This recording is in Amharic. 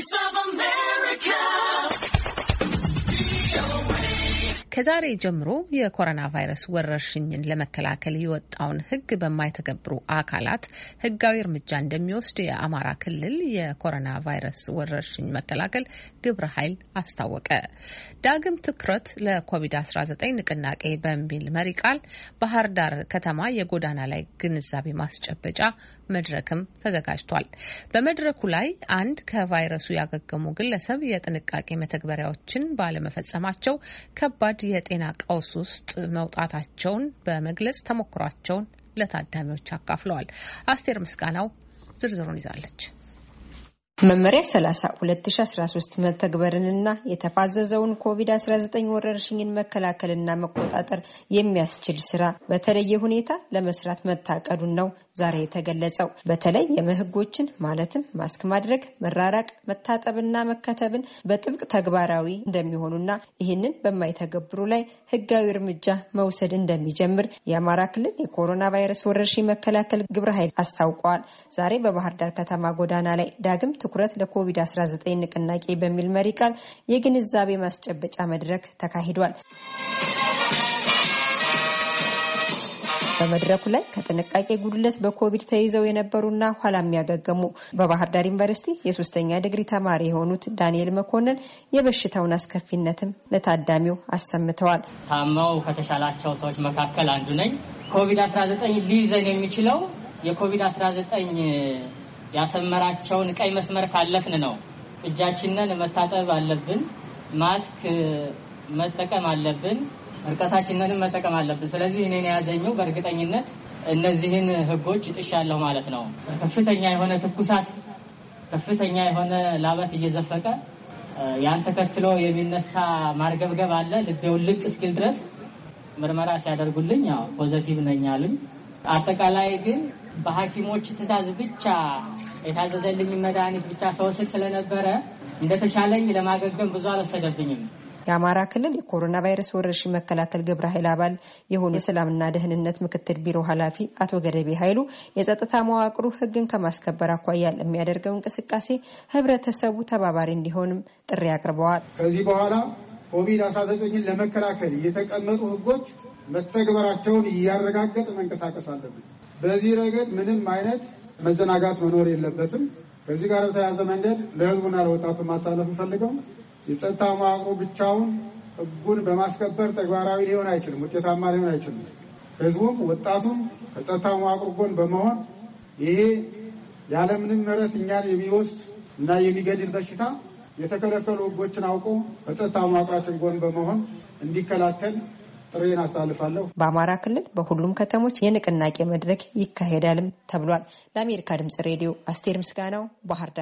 voice of ከዛሬ ጀምሮ የኮሮና ቫይረስ ወረርሽኝን ለመከላከል የወጣውን ሕግ በማይተገብሩ አካላት ሕጋዊ እርምጃ እንደሚወስድ የአማራ ክልል የኮሮና ቫይረስ ወረርሽኝ መከላከል ግብረ ኃይል አስታወቀ። ዳግም ትኩረት ለኮቪድ-19 ንቅናቄ በሚል መሪ ቃል ባህር ዳር ከተማ የጎዳና ላይ ግንዛቤ ማስጨበጫ መድረክም ተዘጋጅቷል። በመድረኩ ላይ አንድ ከቫይረሱ ያገገሙ ግለሰብ የጥንቃቄ መተግበሪያዎችን ባለመፈጸማቸው ከባድ ከባድ የጤና ቀውስ ውስጥ መውጣታቸውን በመግለጽ ተሞክሯቸውን ለታዳሚዎች አካፍለዋል። አስቴር ምስጋናው ዝርዝሩን ይዛለች። መመሪያ 30 2013 መተግበርንና የተፋዘዘውን ኮቪድ-19 ወረርሽኝን መከላከልና መቆጣጠር የሚያስችል ስራ በተለየ ሁኔታ ለመስራት መታቀዱን ነው ዛሬ የተገለጸው። በተለይ የመህጎችን ማለትም ማስክ ማድረግ፣ መራራቅ፣ መታጠብና መከተብን በጥብቅ ተግባራዊ እንደሚሆኑና ይህንን በማይተገብሩ ላይ ህጋዊ እርምጃ መውሰድ እንደሚጀምር የአማራ ክልል የኮሮና ቫይረስ ወረርሽኝ መከላከል ግብረ ኃይል አስታውቀዋል። ዛሬ በባህር ዳር ከተማ ጎዳና ላይ ዳግም ትኩረት ለኮቪድ-19 ንቅናቄ በሚል መሪ ቃል የግንዛቤ ማስጨበጫ መድረክ ተካሂዷል። በመድረኩ ላይ ከጥንቃቄ ጉድለት በኮቪድ ተይዘው የነበሩና ኋላ የሚያገገሙ በባህር ዳር ዩኒቨርሲቲ የሶስተኛ ዲግሪ ተማሪ የሆኑት ዳንኤል መኮንን የበሽታውን አስከፊነትም ለታዳሚው አሰምተዋል። ታመው ከተሻላቸው ሰዎች መካከል አንዱ ነኝ። ኮቪድ-19 ሊይዘን የሚችለው የኮቪድ-19 ያሰመራቸውን ቀይ መስመር ካለፍን ነው። እጃችንን መታጠብ አለብን። ማስክ መጠቀም አለብን። እርቀታችንንም መጠቀም አለብን። ስለዚህ እኔን የያዘኝው በእርግጠኝነት እነዚህን ህጎች ይጥሻለሁ ማለት ነው። ከፍተኛ የሆነ ትኩሳት፣ ከፍተኛ የሆነ ላበት እየዘፈቀ ያን ተከትሎ የሚነሳ ማርገብገብ አለ። ልቤውን ልቅ እስኪል ድረስ ምርመራ ሲያደርጉልኝ ፖዘቲቭ ነኝ አሉኝ። አጠቃላይ ግን በሐኪሞች ትእዛዝ ብቻ የታዘዘልኝ መድኃኒት ብቻ ሰውስል ስለነበረ እንደተሻለኝ ለማገገም ብዙ አልወሰደብኝም። የአማራ ክልል የኮሮና ቫይረስ ወረርሽኝ መከላከል ግብረ ኃይል አባል የሆኑ የሰላምና ደህንነት ምክትል ቢሮ ኃላፊ አቶ ገደቤ ኃይሉ የጸጥታ መዋቅሩ ሕግን ከማስከበር አኳያ ለሚያደርገው እንቅስቃሴ ህብረተሰቡ ተባባሪ እንዲሆንም ጥሪ አቅርበዋል። ከዚህ በኋላ ኮቪድ-19ን ለመከላከል የተቀመጡ ሕጎች መተግበራቸውን እያረጋገጥ መንቀሳቀስ አለብን። በዚህ ረገድ ምንም አይነት መዘናጋት መኖር የለበትም። ከዚህ ጋር በተያያዘ መንገድ ለህዝቡና ለወጣቱ ማሳለፍ እንፈልገው የጸጥታ መዋቅሩ ብቻውን ህጉን በማስከበር ተግባራዊ ሊሆን አይችልም፣ ውጤታማ ሊሆን አይችልም። ህዝቡም ወጣቱም ከጸጥታ መዋቅሩ ጎን በመሆን ይሄ ያለምንም ምሕረት እኛን የሚወስድ እና የሚገድል በሽታ የተከለከሉ ህጎችን አውቆ ከጸጥታ መዋቅራችን ጎን በመሆን እንዲከላከል ጥሬን አሳልፋለሁ። በአማራ ክልል በሁሉም ከተሞች የንቅናቄ መድረክ ይካሄዳልም ተብሏል። ለአሜሪካ ድምጽ ሬዲዮ አስቴር ምስጋናው ባህር ዳር